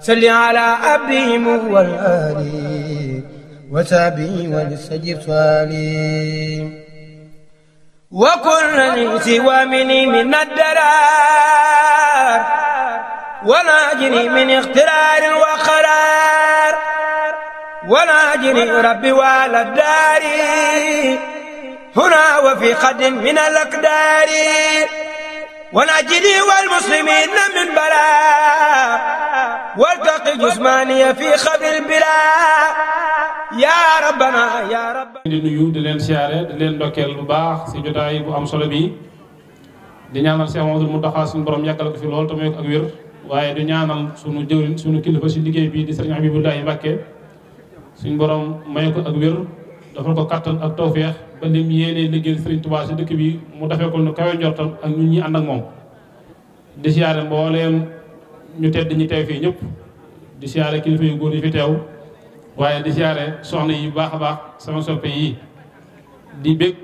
صل على أبيهم والآل وسابه ولسجف صالي وكن سوى مني من الدرار ولا أجري من اخترار وقرار ولا أجري ربي وعلى الدار هنا وفي قد من الأقدار ونجني والمسلمين من بلاء والتقي جسماني في خبر بلا يا ربنا يا ربنا di nuyu di leen siyaare di leen ndokkeel bu baax si jotaay bu am solo bi di ñaanal Cheikh Mamadou Mountakha suñu borom yàggal ko fi lool te muy ak wér waaye di ñaanal suñu jëwriñ suñu kilifa si liggéey bi di sëriñ Habibullahi Mbàkke suñu borom may ko ak wér dafa ko kàttan ak tawfeex ba lim yéenee liggéey Serigne Touba si dëkk bi mu defee ko nu kawe njortam ak ñun ñi ànd ak moom di siyaare mbooleem ñu tedd ñi teew fii ñëpp di siyaare kilifa yu góor yi fi teew waaye di siyaare soxna yi baax a baax sama soppe yi di bég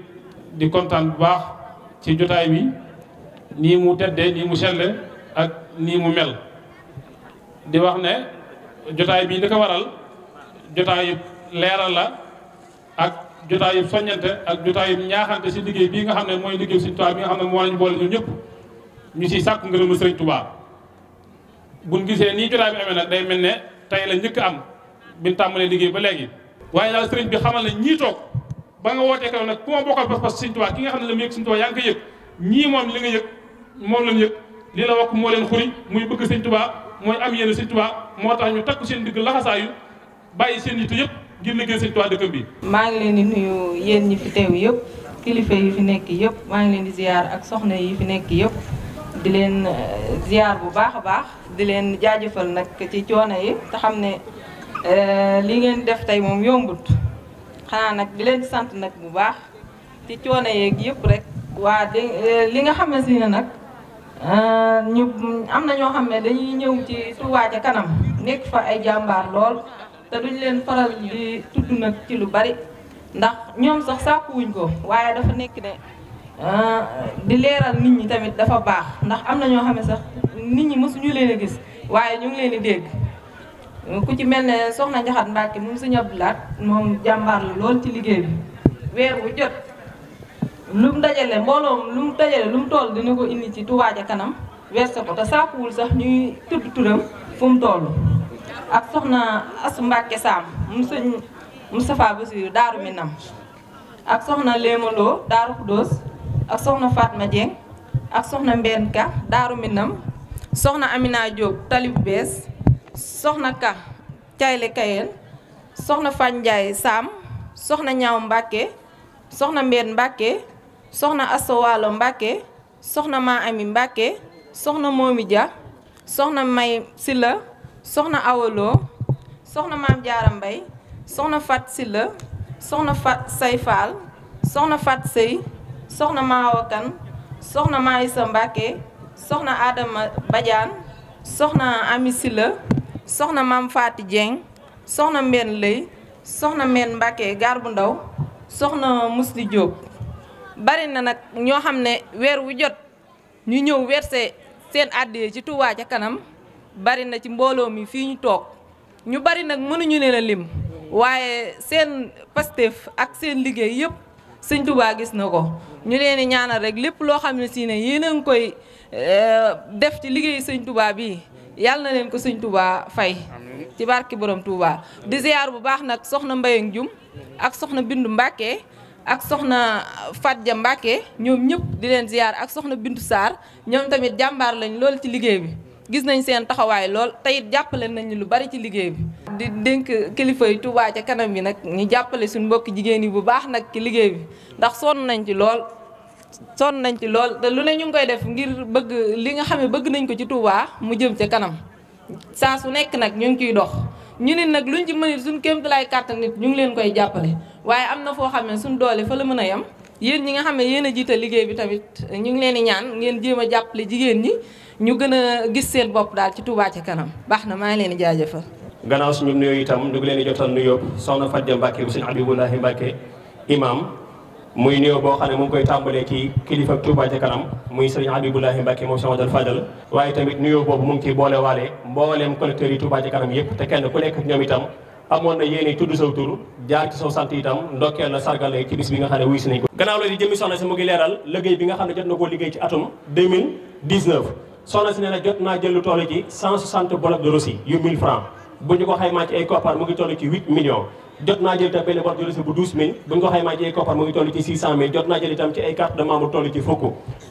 di kontaan bu baax ci jotaay bi nii mu teddee nii mu selle ak nii mu mel di wax ne jotaay bi li waral jotaay yu leeral la ak jotaayu soññante ak jotaayu ñaaxante si liggéey bii nga xam ne mooy liggéey Sëriñ Tuubaa bi nga xam ne moo lañu boole ñun ñëpp ñu si sàkku ngërëmu Sëriñ Tuubaa buñ gisee nii jotaay bi amee nag day mel ne tey la njëkk ba léegi waaye daal sëriñ bi xamal ne ñii toog ba nga wootee keroog nag ku ma bokkal pas-pas Sëriñ Tuubaa ki nga xam ne la mu yëg Sëriñ Tuubaa yaa ngi ko yëg ñii moom li nga yëg moom lañ yëg lii la wax moo leen xuri muy bëgg Sëriñ Tuubaa mooy am yéen Sëriñ Tuubaa moo tax ñu takku seen digg laxasaayu bàyyi seen yitte yëpp ngir liggéey sëñ Tuubaa dëkkam bi. maa ngi leen di nuyu yéen ñi fi teew yëpp kilifa yi fi nekk yëpp maa ngi leen di ziar ak soxna yi fi nekk yëpp di leen eh, ziar bu baax a baax di leen jaajëfal nag ci coono yi te xam ne eh, li ngeen def tey moom yombut xanaa nag di leen sant nag bu baax ci coono yeeg yëpp rek waa eh, li nga xamante ne nag ñu am na ñoo xam ne dañuy ñëw ci Touba ca kanam nekk fa ay jàmbaar lool. te duñ leen faral di tudd nag ci lu bari ndax ñoom sax sàkkuwuñ ko waaye dafa nekk ne ah, di leeral nit ñi tamit dafa baax ndax am na ñoo xam ne sax nit ñi mësuñu leen a gis waaye ñu ngi leen dégg ku ci mel ne soxna Njaxat Mbàkke moom sëñ Abdou moom jàmbaar la lool ci liggéey bi weer wu jot lu mu dajale mbooloom lu mu dajale lu mu toll dina ko indi ci Touba ca kanam wees sa ko te sàkkuwul sax ñuy tudd turam fu mu toll ak soxna Asu Mbàkke Saam mu sëñ Moustapha Bassirou Daaru Minam ak soxna Léemaloo Daaru Xudóos ak soxna Fatma Dieng ak soxna Mbeen Ka Daaru Minam soxna Amina Diop Talib Bees soxna Ka Cayle Kayel soxna Fañ Njaay Saam soxna Ñaaw Mbàkke soxna Mbeen Mbàkke soxna Asso Waalo Mbàkke soxna Maa Ami Mbàkke soxna Moomi Dia soxna May Silla soxna awolo soxna maam jaara mbay soxna fat silla soxna fat say faal soxna fat sëy soxna maawakan soxna maayisa mbàkke soxna adama badiane soxna ami soxna maam faati dieng soxna mbenn lëy soxna mbenn mbàkke gaar bu ndaw soxna musli jóob bari na nag ñoo xam ne weer wu jot ñu ñëw verser seen àddiyee ci Touba ca kanam bari na ci mbooloo mi fii ñu toog ñu bari nag mënuñu leen a lim waaye seen Pastef ak seen liggéey yëpp sëñ Touba gis na ko ñu leen di ñaanal rek lépp loo xam ne si ne yéen a ngi koy eh, def ci liggéey sëñ tubaa bii yàlla na leen ko sëñ tubaa fay ci barki borom Touba di ziar bu baax nag soxna Mbayang Jum ak soxna Bindu Mbàkke ak soxna Fatja Mbàkke ñoom ñëpp di leen ziar ak soxna Bindu Sarr ñoom tamit jàmbaar lañ lool ci liggéey bi gis nañ seen taxawaay lool teyit it jàppale nañu lu bari ci liggéey bi. di dénk kilifay yi Touba ca kanam bi nag ñu jàppale suñ mbokki jigéen yi bu baax nag ci liggéey bi ndax sonn nañ ci lool. sonn nañ ci lool te lu ne ñu ngi koy def ngir bëgg li nga xam ne bëgg nañ ko ci Touba mu jëm ca kanam saa su nekk nag ñu ngi koy dox ñu ne nag lu luñ ci mënit suñ kéemtalaay kàttan nit ñu ngi leen koy jàppale waaye am na foo xam ne suñ doole fa la mën a yem yéen ñi nga xam ne yéen a jiite liggéey bi tamit ñu ngi leen di ñaan ngeen jéem a jàppale jigéen ñi ñu gën a gis seen bopp daal ci Touba ci kanam baax na maa leen di jaajëfal. gannaaw suñu nuyoo itam ñu ngi leen di jotal nuyoo soxna Fadja Mbacke bu sëñ Abibulahi Mbacke imam muy nuyoo boo xam ne mu ngi koy tàmbalee ci kilifa Touba ca kanam muy sëñ Abibulahi Mbacke moom sama dal Fadal. waaye tamit nuyoo boobu mu ngi ciy boolewaale mbooleem collecteurs yi Touba ca kanam yëpp te kenn ku nekk ñoom itam. amoon na sant itam ndokkeel la sargal la ci xam ne wuy si ngi leeral liggéey bi nga xam ne jot na koo liggéey soxna si ne na jot naa jël lu toll ci 160 blocs de Russie yu 1000 francs bu ñu ko xaymaa ci ay koppar mu ngi toll ci 8 millions jot jot naa jël itam ci ay carte de membre toll ci fukk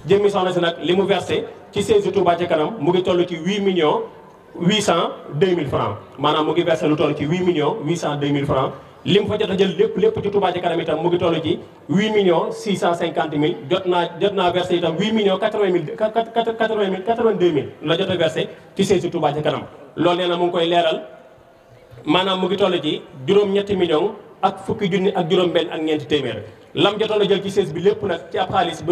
jëmmi soxna si nag li mu versé ci siège Touba ca kanam mu ngi toll ci 8 millions 800 2000 francs maanaam mu ngi versé lu toll ci 8 millions 800 2000 francs li mu fa jot a jël lépp lépp ci Touba ci kanam itam mu ngi toll ci 8 millions 650 mille jot naa jot naa versé itam 8 millions 80 mille 80 mille 82 mille la jot a versé ci seen si Touba ci kanam loolu nee mu ngi koy leeral maanaam mu ngi toll ci juróom-ñetti millions ak fukki junni ak juróom-benn ak ñeenti téeméer lam jotoon a jël ci sées bi lépp nag ci ab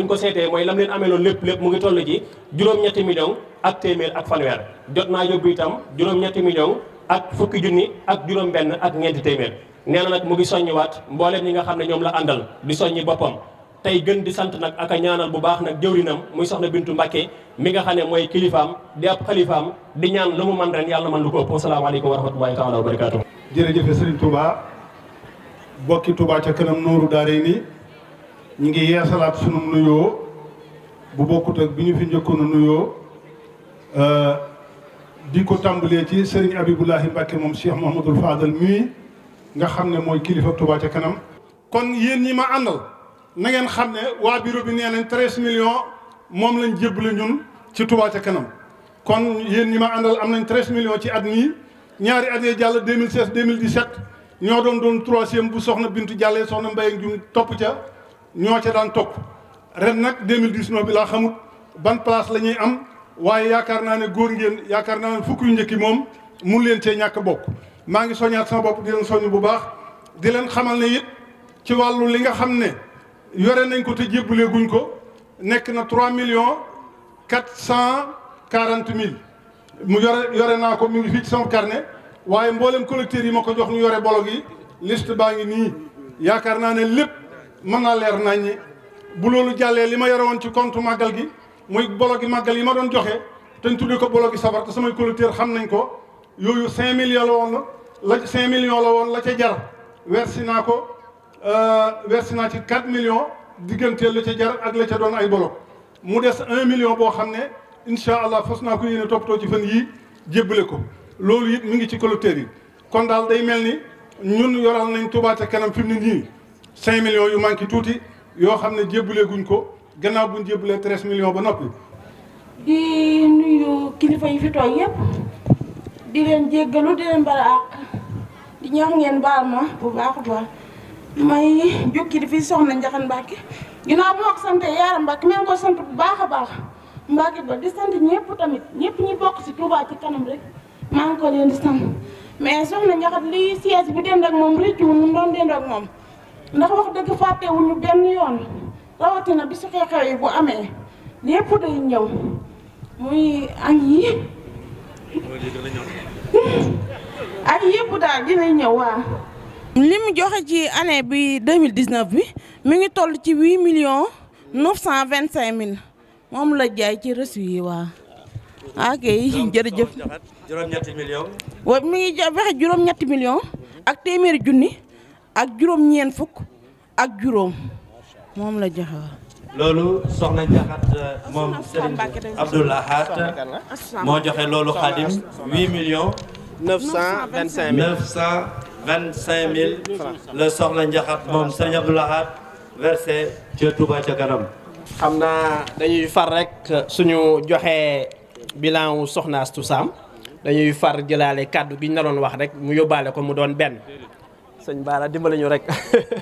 ko seetee mooy lam leen amee loon lépp lépp mu ngi toll ci juróom-ñetti millions ak téeméer ak fanweer jot naa yóbbu itam juróom-ñetti millions ak fukki junni ak juróom-benn ak ñeenti téeméer nee na nag mu ngi soññiwaat mbooleem ñi nga xam ne ñoom la àndal di soññi boppam tey gën di sant nag ak a ñaanal bu baax nag jëwrinam muy soxna Bintu Mbàkke mi nga xam ne mooy kilifaam di ab xalifaam di ñaan lu mu man ren yàlla man lu ko ëpp asalaamaaleykum wa rahmatullahi taala wa barakaatu jërëjëfe Sëriñ Touba bokki Touba ca kanam nooru daare ni ñu ngi yeesalaat sunu nuyoo bu bokkut bi ñu fi njëkkoon nuyoo euh, di ko tàmbalee ci Sëriñ Abibullahi Mbàkke moom Cheikh Mouhamadoul Fadal mii nga xam ne mooy kilifa Touba ca kanam. kon yéen ñi ma àndal na ngeen xam ne waa bureau bi nee nañ treize millions moom lañ jébbale ñun ci Touba ca kanam kon yéen ñi ma àndal am nañ treize millions ci at mii ñaari at yee jàll 2016 2017 ñoo doon doon troisième bu soxna Bintu Jàllee soxna Mbaye Njum topp ca ñoo ca daan topp ren nag 2019 bi laa xamut ban place la ñuy am waaye yaakaar naa ne góor ngeen yaakaar naa ne fukk yu njëkki moom mun leen cee ñàkk bokk. maa ngi soññaat sama bopp di leen soññ bu baax di leen xamal ne it ci wàllu li nga xam ne yore nañ ko te jébbalee guñ ko nekk na trois millions quatre cent quarante mille mu yore yore naa ko mi ngi fii ci sama waaye mboolem collecteurs yi ma ko jox mu yore bolog yi liste baa ngi nii yaakaar naa ne lépp mën naa leer nañ ñi bu loolu jàllee li ma yore woon ci compte màggal gi muy bolog yi màggal yi ma doon joxe te ñu tuddee ko bolo gi sabar te samay collecteurs xam nañ ko yooyu cinq mille la cinq millions la woon la ca jar wersi naa ko wersi euh, naa ci quatre millions digganteel la ca jar ak la ca doon ay bolo mu des un million boo xam ne incha allah fos naa ko yéene toppatoo ci fan yii jébbale ko loolu it mi ngi ci collecteurs yi kon daal day mel ni ñun yoral nañ Touba ca kanam fi mu ne nii cinq millions yu manqué tuuti yoo xam ne jébbale guñ ko gannaaw buñ jébbalee treize millions ba noppi. di nuyu kilifa yi fi toog yëpp di leen jéggalu di ñaax ngeen baal ma bu baax a baax may jukki di fi soxna Njaxate Mbàkke dinaa bu ma ko sante Yaara Mbàkke ma ko sant bu baax a baax Mbàkke ba di sant ñëpp tamit ñëpp ñi bokk ci Touba ci kanam rek maa ngi ko leen di sant mais soxna Njaxate li siège bi dend ak moom rëccu wu ñu doon dend ak moom ndax wax dëgg fàttewuñu benn yoon rawatina bi su xew-xew yi bu amee lépp day ñëw muy añ yi ay yëpp daal dinañ ñëw waa li mu joxe ci année bi 2019 bi mi ngi toll ci huit million neuf cent vingt cinq mill moom la jaay ci reçu yi waa ok jërëjëf juróom-ñetti millions wa mi ngi joxe juróom-ñetti millions ak téeméeri junni ak juróom-ñeent fukk ak juróom moom la joxe waa loolu soxna Ndiakhate euh, moom Serigne Abdoul moo joxe loolu xaadim huit millions 925 000 925 000 la soxla njaxat moom sëñ Abdou Lahad versé ca Touba ca kanam. xam naa dañuy far rekk suñu joxee bilan wu Soxna Astou Sam dañuy far jëlaale kàddu gi ñu naroon wax rek mu yóbbaale ko mu doon benn. sëñ Baara dimbali ñu rek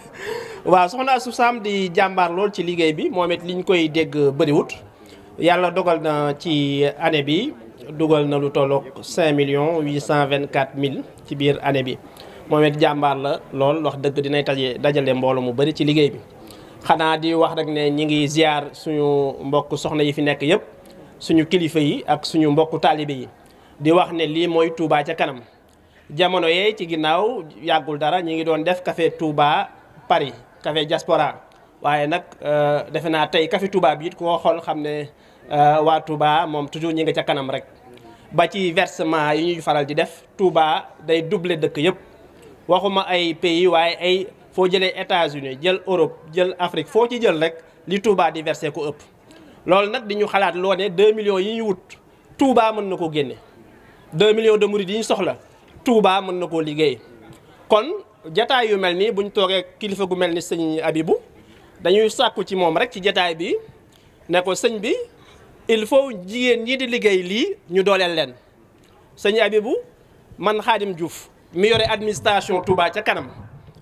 waaw Soxna Astou di jàmbaar lool ci liggéey bi moom it liñ koy dégg bëriwut yàlla dogal na ci année bi. dugal na lu tolloog 5 millions 824 mille ci biir année bi moom jàmbaar la lool wax dëgg dinay taje dajale mbooloo mu bëri ci liggéey bi xanaa di wax rek ne ñi ngi ziar suñu mbokk soxna yi fi nekk yëpp suñu kilifa yi ak suñu mbokku taalibe yi di wax ne lii mooy Touba ca kanam jamono yee ci ginnaaw yàggul dara ñi ngi doon def kafe Touba Paris café diaspora waaye nag euh, defe naa tey café Touba bi ku ko xool xam ne euh, waa Touba moom toujours ñi nga ca kanam rek ba ci versement yi ñuy faral di def Touba day doubler dëkk yëpp waxuma ay pays waaye ay foo jëlee États-Unis jël Europe jël Afrique foo ci jël rek li Touba di versé ko ëpp loolu nag di ñu xalaat loo ne 2 millions yi ñu wut Touba mën na ko génne 2 millions de murid yi ñu soxla Touba mën na koo liggéey kon jataay yu mel nii buñ toogee kilifa gu mel ni sëñ Abibou dañuy sàkku ci moom rek ci jataay bi ne ko sëñ bi il faut jigéen ñi di liggéey lii ñu dooleel leen sëñ Abibu man Xaadim Diouf mi yore administration tubaa ca kanam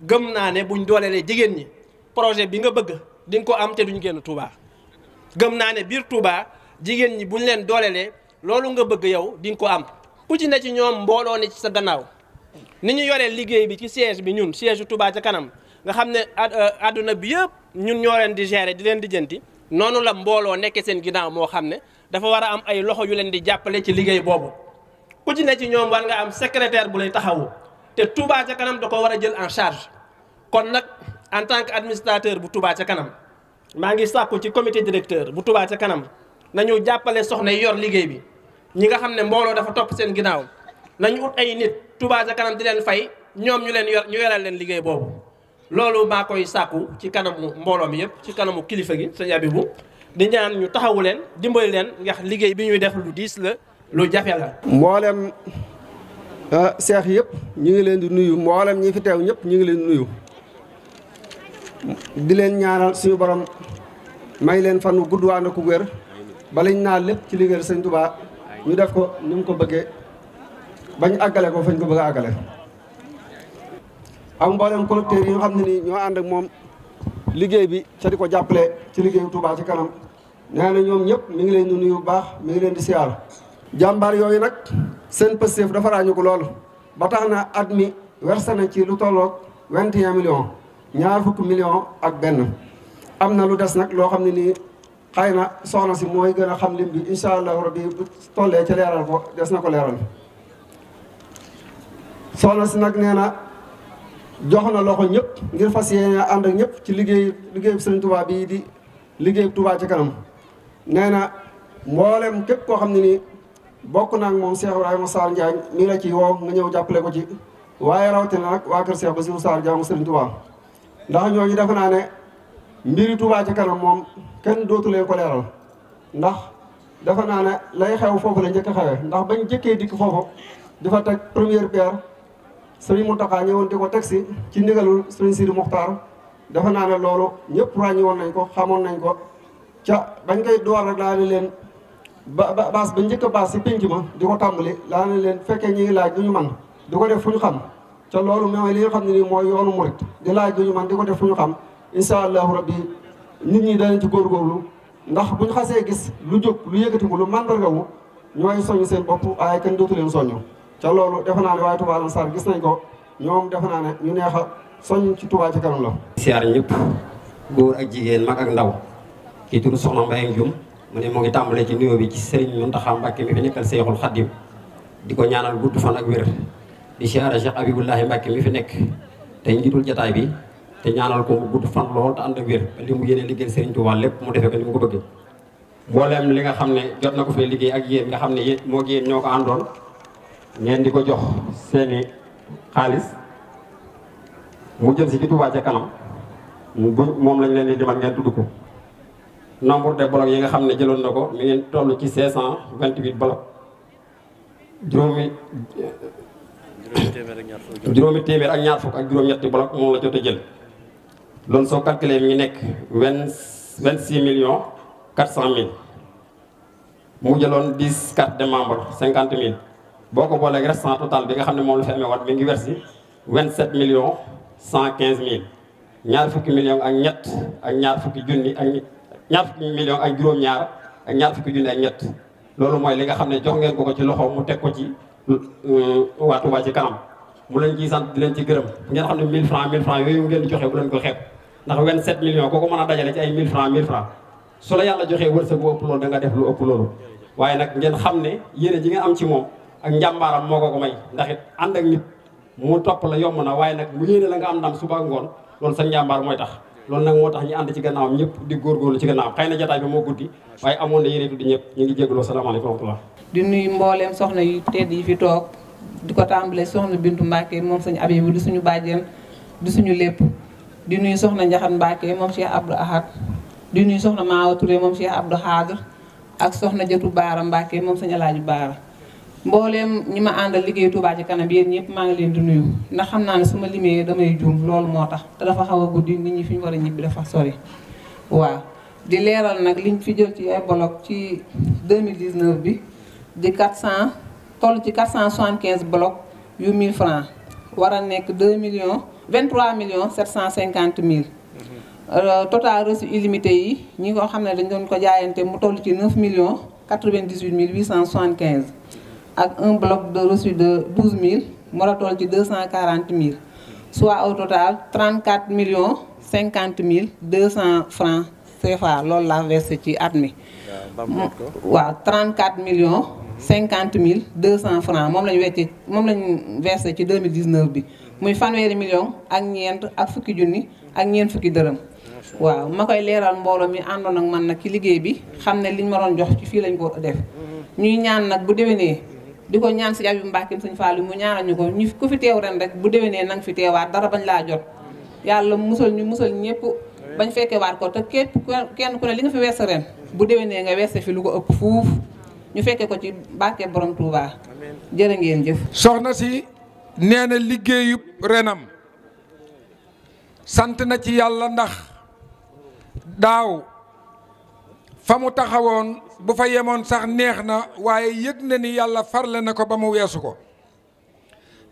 gëm naa ne buñ dooleelee jigéen ñi projet bi nga bëgg dinga ko am te duñ génn Touba gëm naa ne biir Touba jigéen ñi buñ leen dooleelee loolu nga bëgg yow di nga ko am ku ci ne ci ñoom mbooloo ne ci sa gannaaw ni ñu yoree liggéey bi ci siège bi ñun siège Touba ca kanam nga xam ne àdduna euh, bi yëpp ñun ñoo leen di gérer di leen di jënti noonu la mbooloo nekkee seen ginnaaw moo xam ne dafa war a am ay loxo yu leen di jàppale ci liggéey boobu ku ci ne ci ñoom war nga am secrétaire bu lay taxawu te Touba ca kanam da ko war a jël en charge kon nag en tant que administrateur bu tubaa ca kanam maa ngi sàkku ci comité directeur bu tubaa ca kanam nañu jàppale soxna yi yor liggéey bi ñi nga xam ne mbooloo dafa topp seen ginnaaw nañu ut ay nit Touba ca kanam di leen fay ñoom ñu leen yor ñu yoral leen liggéey boobu loolu maa koy sàkku ci kanamu mbooloom mi yëpp ci kanamu kilifa gi sëñ Abibu di ñaan ñu taxawu leen dimbali leen ndax liggéey bi ñuy def lu diis la lu jafe la. mboolem ah, seex yëpp ñu ngi leen di nuyu mboolem ñi fi teew ñëpp ñu ngi leen nuyu di leen ñaanal suñu borom may leen fan wu gudd waan ku wér balañ naa lépp ci liggéeyal sëñ Tuubaa ñu def ko ni mu ko bëggee bañ àggale ko fañ ko bëgg a àggale. ak mboolem collecteurs yi nga xam ne moom liggéey bi ca di ko jàppale ci liggéeyu Touba ci kanam nee na ñoom ñëpp mi ngi leen di nuyu bu baax mi ngi leen di siyaar jàmbaar yooyu nag seen pësteef dafa ko lool ba tax na at mi werse na ci lu tolloog 21 millions ñaar fukk millions ak benn am na lu des nag loo xam ne nii xëy na soxna si mooy gën a xam lim bi incha allahu rabbi bu tollee ci leeral ko des na ko leeral soxna nag nee jox na loxo ñëpp ngir fas yéene ànd ak ñëpp ci liggéey liggéey liggéeyu sëriñ tubaab bii di liggéeyu Touba ci kanam nee na mboolem képp koo xam ne nii bokk naa ak moom Cheikh Ibrahima Sarr Ndiaye mi la ci woo nga ñëw jàppale ko ci waaye rawatina nag waa kër Cheikh Bassirou Sarr jaamu sëriñ Touba ndax ñooñu defe naa ne mbiri Touba ci kanam moom kenn dootu leen ko ndax defe naa ne lay xew foofu la njëkk a ndax bañ jëkkee dikk foofu dafa teg première pierre. sëriñ Mountakha ñëwoon di ko teg si ci ndigalul sëriñ Sidi Muxtaar dafa naa ne loolu ñëpp ràññi woon nañ ko xamoon nañ ko ca bañ koy door rek laa ne leen ba ba baas ba njëkk baas si pénc ma di ko tàmbali laa ne leen fekkee ñu ngi laaj lu ñu man di ko def fu ñu xam ca loolu mooy yi nga xam ne nii mooy yoonu murit di laaj lu ñu man di ko def fu ñu xam incha allahu rabbi nit ñi danañ ci góor góorgóorlu ndax buñ xasee gis lu jóg lu yëkkati ko lu màndargawu ñooy soññ seen bopp waaye kenn dootu leen soññu ca loolu defe naa ne waaye Touba Lansar gis nañ ko ñoom defe naa ne ñu neex a soñ ci Touba ci kanam la. siyaar ñëpp góor ak jigéen mag ak ndaw kii turu Soxna Mbaye Ndioum mu ne mu ngi tàmbalee ci nuyoo bi ci Serigne Mountakha Mbacké mi fi nekkal Seexul Xaddim di ko ñaanal gudd fan ak wér di siyaare Cheikh Abibullahi Mbacké mi fi nekk te njiitul jataay bi te ñaanal ko mu gudd fan lool te ànd ak wér li mu yéene liggéeyal Serigne Touba lépp mu defee ko ni mu ko bëggee. mboolem li nga xam ne jot na ko fee liggéey ak yéen nga xam ne yéen moo gi ñoo ko àndoon ngeen di ko jox seeni xaalis mu jëm si ci Touba ca kanam mu bu moom lañ leen di demal ngeen tudd ko nombre de blocs yi nga xam ne jëloon na ko mi ngeen toll ci 528 blocs juróomi juróomi téeméer ak ñaar fukk ak juróom-ñetti blocs moom la jot a jël loolu soo calculé mi ngi nekk vingt vingt six million quatre cent mille mu jëloon dix cartes de cinquante mille boo ko booleeg restant total bi nga xam ne moom la fi amee wat mi ngi versi 27 millions 115 mille ñaar fukki millions ak ñett ak ñaar fukki junni ak ñaar fukki millions ak juróom-ñaar ak ñaar fukki junni ak ñett loolu mooy li nga xam ne jox ngeen ko ko ci loxo mu teg ko ci euh, waa ci kanam mu leen ciy sant leen ci gërëm ngeen xam ne 1000 francs 1000 francs yooyu ngeen joxe bu leen ko xeeb ndax 27 millions kooku mën a dajale ci ay 1000 francs 1000 francs su la yàlla joxee wërsëg bu def lu ëpp loolu waaye nag ngeen ne yéene ji am ci moom ak njàmbaaram moo ko ko may ndax it ànd ak nit mu topp la yomb na waaye nag mu yéene la nga am ndam suba ngoon loolu sa njàmbaar mooy tax loolu nag moo tax ñu ànd ci gannaawam ñëpp di góorgóorlu ci gannaawam xëy na jataay bi moo waaye amoon na yéene tuddi ñëpp ñu ngi jégaloo salaamaaleykum wa rahmatullah di nuyu mbooleem soxna yu tedd yi fi toog di ko tàmbalee soxna Bintu Mbacke moom sëñ Abibu di suñu bàjjen di suñu lépp di nuyu soxna Njaxan Mbacke moom Cheikh Abdou di nuyu soxna Maawa Touré moom Cheikh Abdou ak soxna Jatu Baara Mbacke moom sëñ Alaaji Baara mbooleem ñi ma àndal liggéey Touba ci kanam yéen ñëpp maa ngi leen di nuyu ndax xam naa ne su ma limee damay juum loolu moo tax te dafa xaw a guddi nit ñi fi ñu war a ñibbi dafa sori waaw di leeral nag liñ fi jël ci ay bloc ci 2019 bi di 400 toll ci 475 bloc yu 1000 francs war a nekk 2 millions 23 millions 750 cent euh, total reçu illimité yi ñi ko ne dañ doon ko jaayante mu toll ci 9 millions 98 mille 875 ak un bloc de reçu de 12 000 mën a toll ci 240 000 soit au total 34 million cinquante mille 200 francs CFA loolu laa versé ci at mi. waaw 34 millions 50 mille 200 francs moom lañu wecce moom lañu versé ci 2019 bi muy fanweeri millions ak ñeent ak fukki junni ak ñeent fukki dërëm. waaw ma koy leeral mbooloo mi àndoon ak man nag ci liggéey bi xam ne liñ ma doon jox ci fii lañ ko def mm-hmm. ñuy ñaan nag bu déwénee. di ko ñaan si ab yu mbàkkim faa Fallou mu ñaanal ñu ko ñu ku fi teew ren rek bu déwénee nanga fi teewaat dara bañ laa jot yàlla musal ñu musal ñëpp bañ fekkee waat ko te képp kenn ku ne li nga fi wees ren bu dewee déwénee nga weese fi lu ko ëpp fuuf ñu fekkee ko ci barke borom Touba jërë ngeen jëf soxna si nee na liggéeyu renam sant na ci yàlla ndax daaw fa mu taxawoon bu fa yemoon sax neex na waaye yëg na ni yàlla farle na ko ba mu weesu ko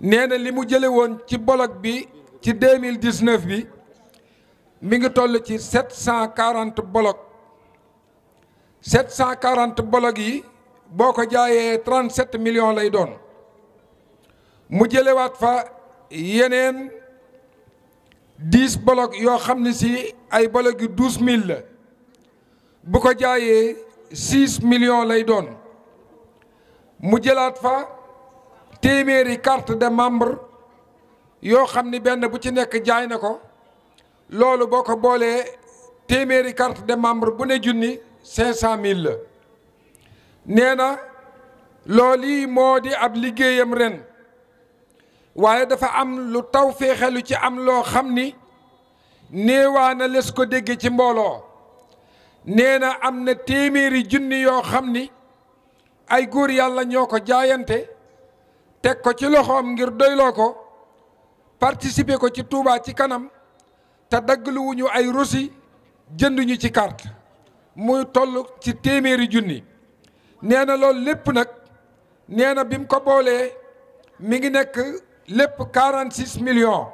nee na li mu jële woon ci bolog bi ci 2019 bi mi ngi toll ci 740 bolog 740 bolog yi boo ko jaayee 37 million lay doon mu jëlewaat fa yeneen 10 bolog yoo xam ne si ay bolog yu 12000 la bu ko jaayee six millions lay doon mu jëlaat fa téeméeri carte de membre yoo xam ni benn bu ci nekk jaay na ko loolu boo ko boolee téeméeri carte de membre bu ne junni cinq mille la nee na loolu moo di ab liggéeyam ren waaye dafa am lu taw féexelu ci am loo xam ni néewaa na les ko dégg ci mbooloo nee na am na téeméeri junni yoo xam ni ay góor yàlla ñoo ko jaayante teg ko ci loxoom ngir doyloo ko participer ko ci Touba ci kanam te daggluwuñu ay rosi jënduñu ci carte muy toll ci téeméeri junni neena lool lépp nag neena na bi mu ko boolee mi ngi nekk lépp 46 million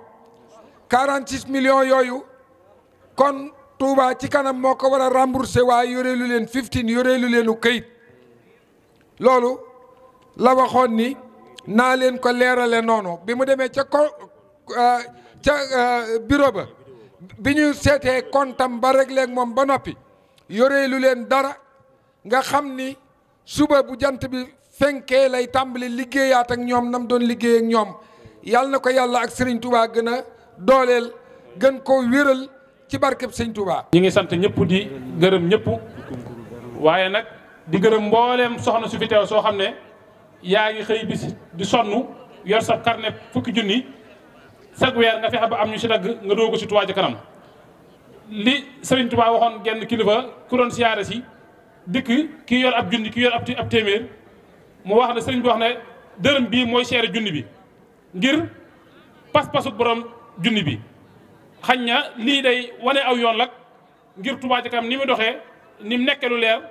46 millions yooyu kon. Touba ci kanam moo ko wara a rembourser waaye yoreelu leen 15 yoreelu leenu këyit loolu la waxoon ni naa leen ko leerale noonu bi mu demee ca ko eh, ca eh, bureau ba bi ñu seetee kontam ba réglé ak moom ba noppi yoreelu leen dara nga xam ni suba bu jant bi fenkee lay tàmbali liggéeyaat ak ñoom nam doon liggéey ak ñoom yàlla na ko yàlla ak Serigne Touba gën a dooleel gën ko wéral ci barkeb sëñ Touba. ñi ngi sant ñëpp di gërëm ñëpp waaye nag di gërëm mbooleem soxna su fi teew soo xam ne yaa ngi xëy bis di sonn yor sa carnet fukki junni sag weer nga fexe ba am ñu si dagg nga doogu si Touba ca kanam li Serigne Touba waxoon genn kilifa ku doon siyaare si dikk ki yor ab junni kii yor ab ab téeméer mu wax ne Serigne bi wax ne dërëm bii mooy seere junni bi ngir pas-pasu borom junni bi xañ na lii day wane aw yoon lag ngir Touba ca ni mu doxee ni mu nekkee lu leer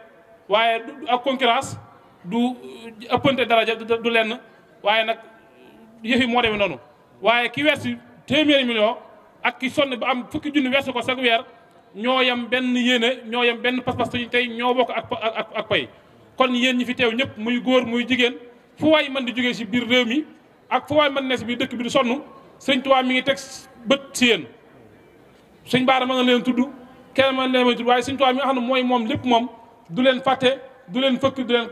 waaye ak concurrence du ëppante daraja du lenn waaye nag yëfi yi moo demee noonu waaye ki weesu téeméeri million ak ki sonn ba am fukki junni weesu ko chaque weer ñoo yam benn yéene ñoo yem benn pas-pas tey ñoo bokk ak ak pay kon yéen ñi fi teew ñëpp muy góor muy jigéen fu waay mën di jógee si biir réew mi ak fu waay mën ne si biir dëkk bi di sonn sëñ Tuubaa mi ngi teg bët si yéen suñ baara mën na leen tudd kenn mën leen may tudd waaye suñ tubaab mi nga xam mooy moom lépp moom du leen fàtte du leen fëkk du leen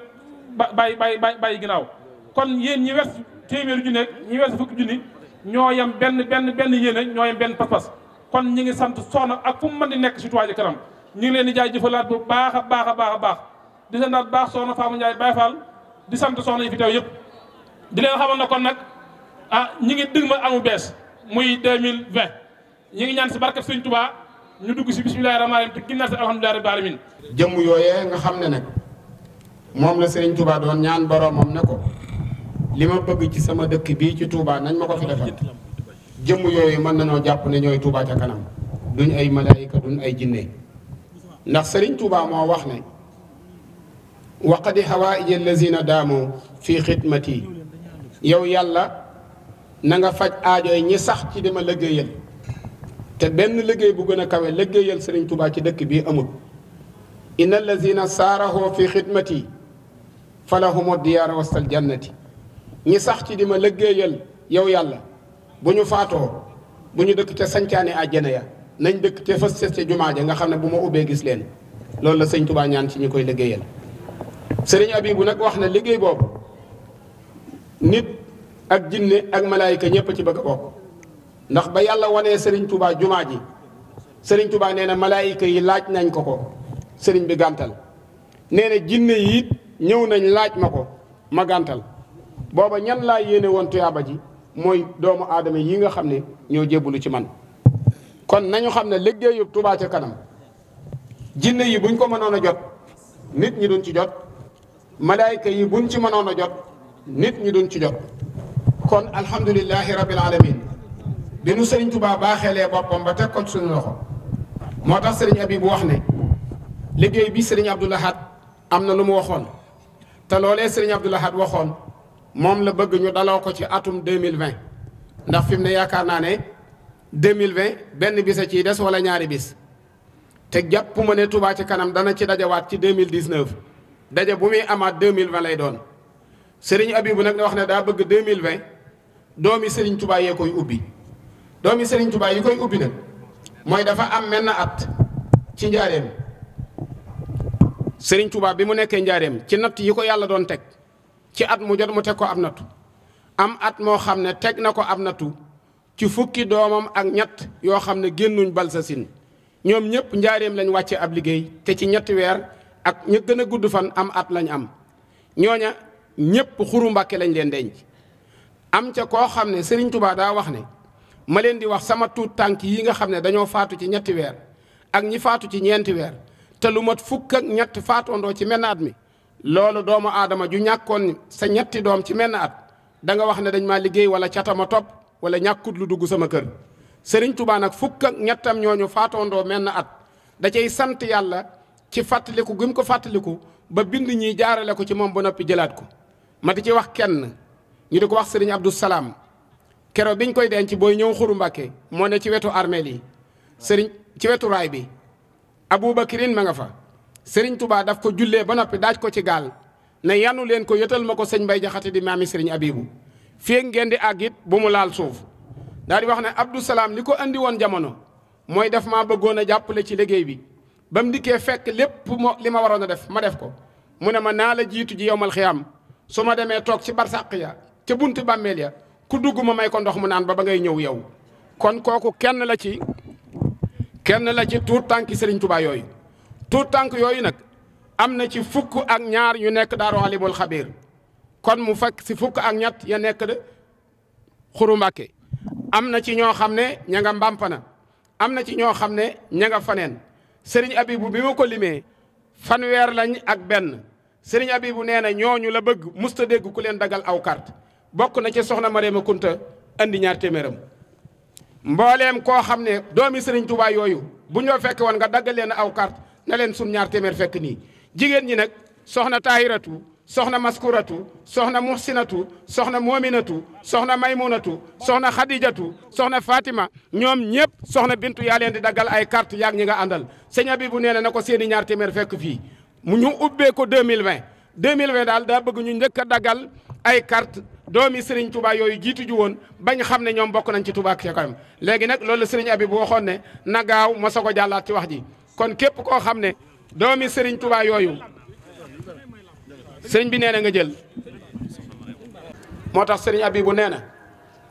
bàyyi bàyyi bàyyi ginaaw kon yéen ñi wes téeméeri junni ak ñi wes fukki junni ñoo yam benn benn benn yéene ñoo yem benn pas-pas kon ñi ngi sant soxna ak fu mu mën di nekk si Touba Ca Kanam ñu ngi leen di jëfalaat bu baax a baax a baax a baax di sant baax soxna Fama Ndiaye Baye Fall di sant soxna yi fi teew yëpp di leen xamal na kon nag ah ñi ngi dëgg ma amu bees muy 2020 ñu ngi ñaan si barkat sëñ Tuubaa ñu dugg si bisimilah rahmaani rahiim te ginnaaw si alhamdulilah rabbil alamin jëmm yooyee nga xam ne nag moom la sëriñ Tuubaa doon ñaan boroomam ne ko li ma bëgg ci sama dëkk bii ci Touba nañ ma ko fi defal jëmm yooyu mën nañoo jàpp ne ñooy Touba ca kanam duñ ay malaayika duñ ay jinne ndax sëriñ Touba moo wax ne waqadi hawaa'ij allazina daamu fii xidmati yow yàlla na nga faj aajo yi ñi sax ci dama liggéeyal te benn liggéey bu gën a kawee liggéeyal sëriñ tubaa ci dëkk bii amul inna allazina saarahoo fi xidmati falahumu diyaara wasal jannati ñi sax ci di ma liggéeyal yow yàlla bu ñu faatoo bu ñu dëkk ca sancaane àjjana ya nañ dëkk ca fas ca jumaa ja nga xam ne bu ma ubbee gis leen loolu la sëñ tubaa ñaan ci ñu koy liggéeyal sëriñ abibu nag wax na liggéey boobu nit ak jinne ak malaayika ñépp ci bëgg a bokk ndax ba yàlla wanee Serigne Touba jumaa ji sëriñ Touba nee na malaayika yi laaj nañ ko ko sëriñ bi gàntal nee na jinne yi ñëw nañ laaj ma ko ma gàntal booba ñan laa yéene woon tuyaaba ji mooy doomu aadama yi nga xam ne ñoo jébbalu ci man. kon nañu xam ne liggéeyu Touba ca kanam jinne yi buñ ko mënoon a jot nit ñi duñ ci jot malaayika yi buñ ci mënoon a jot nit ñi duñ ci jot kon alhamdulilahi rabbil alamin bi nu sëriñ Touba baaxeelee boppam ba teg ko suñu loxo moo tax sëriñ Habib wax ne liggéey bi sëriñ Abdou am na lu mu waxoon te loolee sëriñ Abdou waxoon moom la bëgg ñu daloo ko ci atum deux mille vingt ndax fi mu ne yaakaar naa ne deux mille vingt benn bis a ciy des wala ñaari bis te jàpp ma ne Touba ci kanam dana ci dajawaat ci deux mille dix neuf daje bu muy amaat mille vingt lay doon sëriñ Habib nag ne wax ne daa bëgg deux mille vingt doomi sëriñ Touba yee koy ubbi. doomi Serigne Touba yi koy ubbi nag mooy dafa am na at ci njaareem sëriñ Touba bi mu nekkee njaareem ci natt yi ko yàlla doon teg ci at mu jot mu teg ko ab nattu am at moo xam ne teg na ko ab nattu ci fukki doomam ak ñett yoo xam ne génnuñ bal sa ñoom ñëpp njaareem lañ wàcce ab liggéey te ci ñetti weer ak ña gën a gudd fan am at lañ am ñooña ñëpp xuru mbàkke lañ leen denc am ca koo xam ne Serigne tubaa daa wax ne. ma leen di wax sama tuut tànk yi nga xam ne dañoo faatu ci ñetti weer ak ñi faatu ci ñeenti weer te lu mat fukk ak ñett faatoondoo ci menn at mi loolu doomu aadama ju ñàkkoon sa ñetti doom ci menn at da nga wax ne dañ maa liggéey wala catama topp wala ñàkkut lu dugg sama kër sëriñ Tuubaa nag fukk ak ñettam ñooñu faatoondoo menn at da cay sant yàlla ci fàttaliku gi ko fàttaliku ba bind ñii jaarale ko ci moom ba noppi jëlaat ko ma di ci wax kenn ñu di ko wax sëriñ Abdou Salaam kero biñ koy denc booy ñëw xuru mbàkke moo ne ci wetu armeel yi sëriñ ci wetu raay bi aboubacrine ma nga fa sëriñ tubaa daf ko jullee ba noppi daaj ko ci gaal ne yanu leen ko yëtal ma ko sëñ mbay jaxate di maami sëriñ abibu fii ngeen di àgg it bu mu laal suuf daal di wax ne abdou salaam li ko andi woon jamono mooy def maa bëggoon a le ci liggéey bi ba mu dikkee fekk lépp mo li ma waroon a def ma def ko mu ne ma naa la jiitu ji yowmal xiyaam su ma demee toog ci barsàq ya ca buntu bàmmeel ya ku dugg ma may ko ndox mu naan ba ba ngay ñëw yow kon kooku kenn la ci kenn la ci tuut tànki Serigne Touba yooyu tuut tànk yooyu nag am na ci fukk ak ñaar ñu nekk Daaru Alimul Xabiir kon mu fakk si fukk ak ñett ya nekk de Xuru Mbàkke am na ci ñoo xam ne ña nga Mbampana am na ci ñoo xam ne ña nga faneen Serigne Abibou bi ma ko limee fanweer lañ ak benn Serigne Abibou nee na ñooñu la bëgg musta dégg ku leen dagal aw kart bokk na ci soxna ma Kunta andi ñaar téeméeram mbooleem koo xam ne doomi Sëriñ Tuubaa yooyu bu ñoo fekk woon nga daggal leen aw carte na leen sun ñaar téeméer fekk nii jigéen ñi nag soxna Tahiratu soxna Maskuratu soxna Muhsinatu soxna Mominatu soxna Maymunatu soxna Khadijatu soxna Fatima ñoom ñëpp soxna Bintu yaa leen di daggal ay carte yaag ñi nga àndal sëñ ña bu nee na na ko seeni ñaar téeméer fekk fii mu ñu ubbee ko 2020 2020 daal daa bëgg ñu njëkk a daggal ay carte doomi Serigne Touba yooyu jiitu ju woon bañ xam ne ñoom bokk nañ ci Touba ca kanam léegi nag loolu la Serigne Abi bu ne na gaaw mosa ko jàllaat ci wax ji kon képp koo xam ne doomi Serigne Touba yooyu sëriñ bi nee na nga jël. moo tax Serigne Abi bu nee na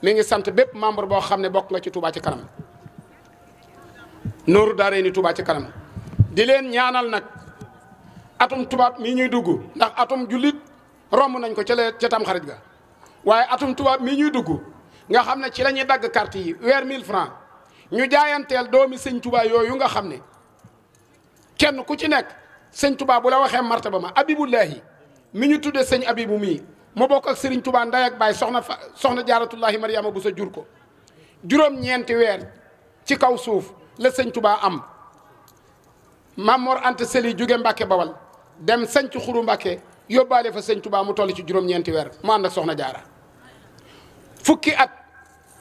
mi sant bépp membre boo xam ne bokk nga ci Touba ci kanam nooru daaree ni Touba ci kanam di leen ñaanal nag atum tubaab mii ñuy dugg ndax atum jullit romb nañ ko ca la ca tam xarit ga. waaye atum tubaab mi ñuy dugg nga xam ne ci lañuy dagg carte yi weer mille francs ñu jaayanteel doomi sëñ Tuubaa yooyu nga xam ne kenn ku ci nekk sëñ Tuubaa bu la waxee ba ma Abibullahi mi ñu tuddee sëñ Abibu mii mu bokk ak Serigne Touba baay soxna fa soxna jaaratullahi Mariama bu sa jur ko juróom-ñeenti weer ci kaw suuf la sëñ Touba am Mamor Anta Seli jóge Mbàkke babal dem sanc xuru Mbàkke yóbbaale fa sëñ tubaa mu toll ci juróom-ñeenti weer mu ànd ak soxna jaara fukki at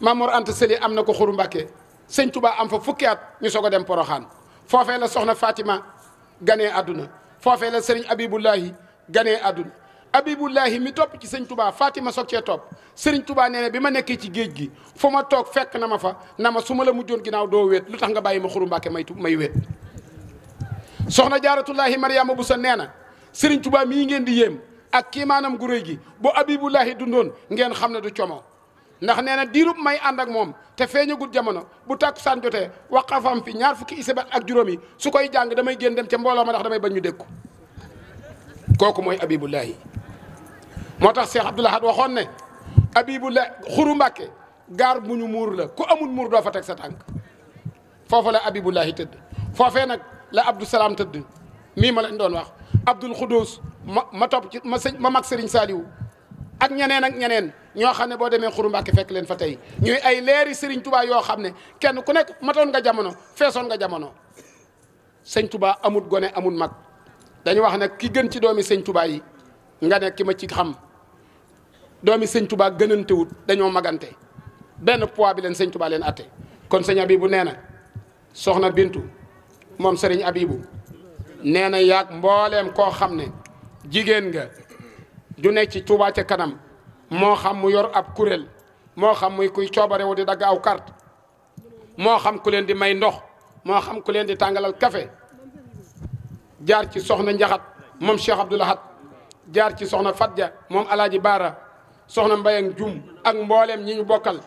Mamour Anta Sëli am na ko xuru Mbàkke sëñ tubaa am fa fukki at ñu soog a dem Poroxaan foofee la soxna Fatima ganee àdduna foofee la sëriñ Abibullahi ganee àdduna Abibullahi mi topp ci sëñ tubaa Fatima soog cee topp sëriñ tubaa nee bi ma nekkee ci géej gi fu ma toog fekk na ma fa na ma su ma la mujjoon ginnaaw doo wéet lu tax nga bàyyi ma xuru Mbàkke may may wéet soxna jaaratullahi Mariama bu sa nee na Serigne tubaab mii ngeen di yéem ak kii maanaam gu réy gi bu Abibulahi dundoon ngeen xam ne du como ndax nee na diirub may ànd ak moom te feeñagut jamono bu tàkkusaan jotee waqafam fi ñaar fukki isibat ak juróom su koy jàng damay génn dem ca mbooloo ma ndax damay bañ ñu dékku kooku mooy Abibulahi moo tax Cheikh Abdoul Ahad waxoon ne Abibulahi xuru Mbàkke gaar bu ñu muur la ku amul muur doo fa teg sa tànk foofu la Abibulahi tëdd foofee nag la Abdou Salaam tëdd mii ma lañ doon wax Abdul Khoudous ma ma topp ci ma sëñ ma mag Serigne Saliou ak ñeneen ak ñeneen ñoo xam ne boo demee Xuru fekk leen fa tey ñuy ay leeri Serigne Touba yoo xam ne kenn ku nekk matoon nga jamono feesoon nga jamono sëñ Touba amut gone amut mag dañu wax nag ki gën ci doomi sëñ Touba yi nga ne ki ma ci xam doomi sëñ tubaa gënantewut dañoo magante benn poids bi leen sëñ Touba leen atte kon sëñ Abibu nee na soxna Bintu moom sëriñ Abibu nee na yaag mbooleem koo xam ne jigéen nga ju nekk ci Touba ca kanam moo xam mu yor ab kuréel moo xam muy kuy coobarewu di dagg aw kart moo xam ku leen di may ndox moo xam ku leen di tàngalal kafe jaar ci soxna njaxat moom Cheikh Abdoul Ahad jaar ci soxna Fadja moom alaaji Baara soxna Mbaye ak Jum ak mbooleem ñi ñu bokkal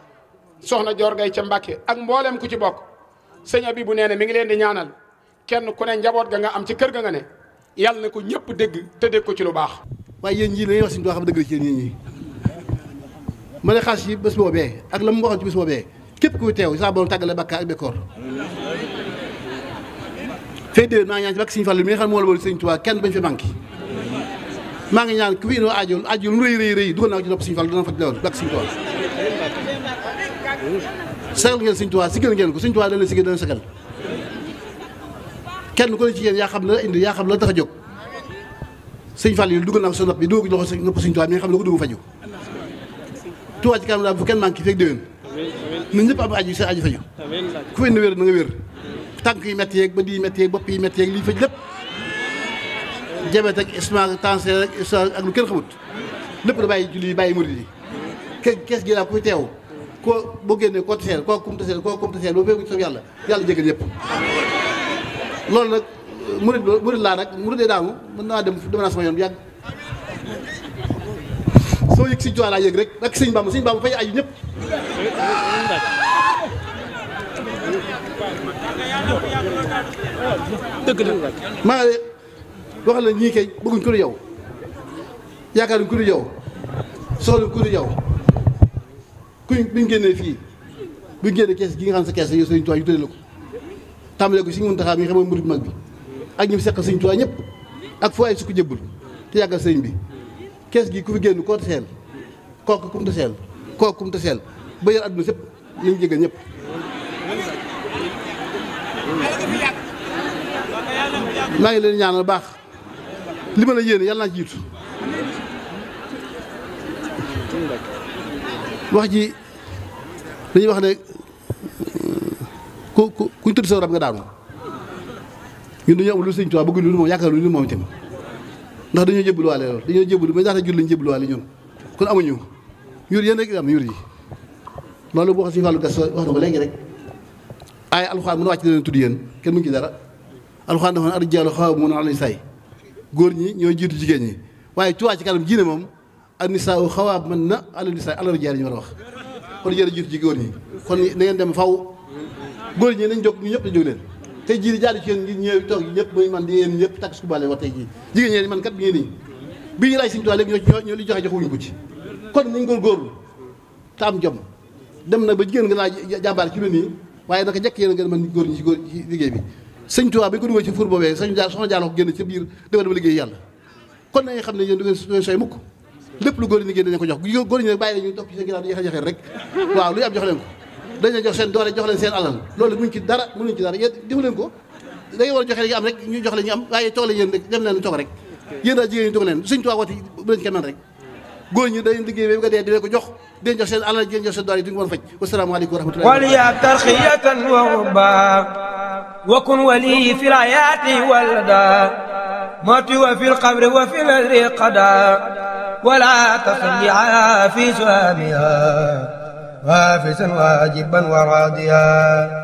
soxna Joor Gay ca Mbàkke ak mbooleem ku ci bokk sëñ bi bu nee mi ngi leen di ñaanal kenn ku ne njaboot ga nga am ci kër ga nga ne yàlla na ko ñëpp dégg te dégg ko ci lu baax. waaye yéen ñii dañuy wax suñu doo xam dëgg la ci yéen ñii ma ne xaas yi bés boobee ak la mu waxoon ci bés boobee képp kuy teew saa borom tàggale bàkkaar ak bekkoor fay déwén maa ngi kenn bañ fi maa ngi ñaan ku fi indoo aajo aajo naa ko ci nopp Sëñ Fallu dana fa leewal bàkk Sëñ Tuubaa sagal ngeen Sëñ ko Sëñ Tuubaa dana sigal dana sagal kenn ko ne ci yéen yaa xam la indi yaa xam la tax a jóg sëñ Fall yi dugal naa ko sa nopp bi dugg loxo sa nopp sëñ Tuubaa mi nga xam ne ko dugg faju Tuubaa ci kanam daal bu kenn manqué fekk déwén na ñëpp am aju sa aju faju ku fay na wér na wér tànk yi métti yeeg ba di métti yeeg bopp yi métti yeeg lii faj lépp jabet ak isma tension ak isma ak lu kenn xamut lépp da bàyyi julli bàyyi murid yi ke kees gi daal ku fi teew koo boo génnee koo taseel koo koo kum yàlla yàlla jégal loolu nag murid murid laa nag murid daamu mën naa dem dem naa sama yoon bu yàgg soo yëg si jox yëg rek ak sëñ Bamba sëñ Bamba fay aju ñëpp. dëgg la maa ngi waxal la ñii kay bëgguñ ku dul yow yaakaaruñ ku dul yow soxluñ ku dul yow kuñ buñ génnee fii buñ génnee kees gi nga xam sa kees yi sëñ Tuubaa yu tëddee la ko. tàmbalee ko si ñu Muntaxa mi nga xam ne murid mag bi ak ñi seqal sëñ Tuubaa ñëpp ak fu ay su jëbbul te yàggal sëñ bi kees gi ku fi génn koo te seel kooku kum seel ba yor àdduna sëpp nañ jégal ñëpp maa ngi leen ñaanal baax li ma la yéene yàlla naa ci jiitu wax ji dañuy wax ne ku ku kuñ tudd sa rab nga daanu ñun dañoo am lu Sëñ Tuubaa bëgg lu moom yaakaar lu moom itam ndax dañoo jébbaluwaale loolu dañoo jébbalu mais ndaxte jul lañ jébbaluwaale ñun kon amuñu yur yéen rek am yur yi loolu boo xam si wàllu gas wax na ko léegi rek ay alxuraan mën a wàcc leen tudd yéen kenn mu ci dara alxuraan dafa ne ar-rijaalu qawwaamuuna ala nisaa góor ñi ñoo jiitu jigéen ñi waaye tuwaa ci kanam jiine moom an-nisaa qawwaamuuna ala nisaa ala rijaal ñu war a wax kon yéen a jiitu ci góor ñi kon na ngeen dem faw góor ñi nañ jóg ñu ñëpp a jóg leen tey jii di jàll ci yéen ngi ñëw toog ñëpp ñu lay siñ tuwaa léegi ñoo ko ci kon nañ góorgóorlu te am jom dem na ci lu nii waaye naka a a mën góor ñi ci góor ci liggéey bi sëñ Tuubaa bi ko dugal ci fur boobee sëñ jaar soxna jaar ko génn ci biir defal ba liggéey yàlla kon nañu xam ne yéen sooy mukk lépp lu góor ñi liggéey dañu ko jox góor ñi nag bàyyi nañu topp ci sa ginnaaw di jaxe rek waaw lu am jox leen ko dañu jox seen doole jox leen seen alal loolu muñ ci dara mënuñ ci dara yéen ko da ngeen war a joxe li am rek ñu jox leen ñu am waaye toog leen yéen dem leen toog rek yéen daal jigéen ñi toog leen suñ tuwaa wati bu leen rek góor ñi dañuy liggéey ba nga dee di ko jox den jox seen alal den jox seen doole duñ ko mën a faj wasalaamaaleykum wa rahmatulah wal ya tarxiyatan wa hubba wa kun wali fi layaati walada wa fi lqabri wa fi lriqada wala tasali ala fi عافسا واجبا وراضيا